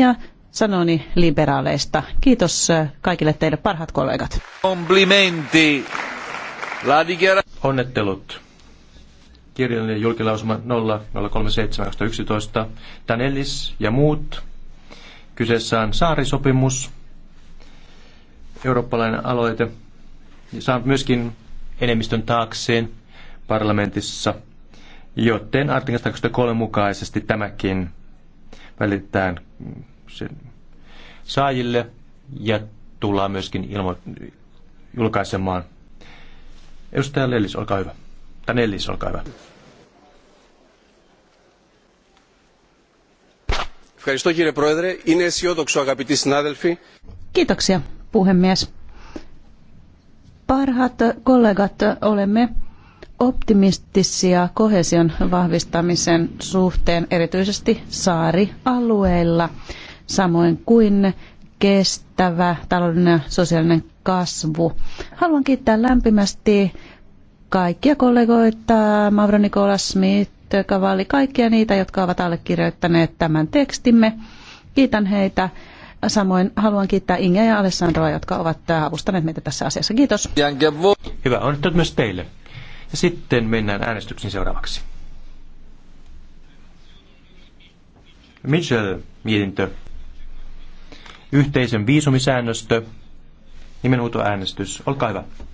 ja sanoni liberaaleista. Kiitos kaikille teille parhaat kollegat. Komplimenti. Onnettelut. Kirjallinen julkilausuma 03711. Danelis ja muut. Kyseessä on saarisopimus, eurooppalainen aloite. Saan myöskin enemmistön taakseen parlamentissa, joten artikasta 23 mukaisesti tämäkin välitetään sen saajille ja tullaan myöskin ilmo- julkaisemaan. Edustaja Lellis, olkaa hyvä. Tai Nellis, olkaa hyvä. Kiitoksia puhemies. Parhaat kollegat, olemme optimistisia kohesion vahvistamisen suhteen, erityisesti saarialueilla, samoin kuin kestävä taloudellinen ja sosiaalinen kasvu. Haluan kiittää lämpimästi kaikkia kollegoita, Mauro Nikolas Smith, Kavalli, kaikkia niitä, jotka ovat allekirjoittaneet tämän tekstimme. Kiitän heitä. Samoin haluan kiittää Inge ja Alessandroa, jotka ovat avustaneet meitä tässä asiassa. Kiitos. Hyvä, onnittelut myös teille. Ja sitten mennään äänestyksen seuraavaksi. Michel, mietintö. Yhteisön viisumisäännöstö. Nimenhuutoäänestys. Olkaa hyvä.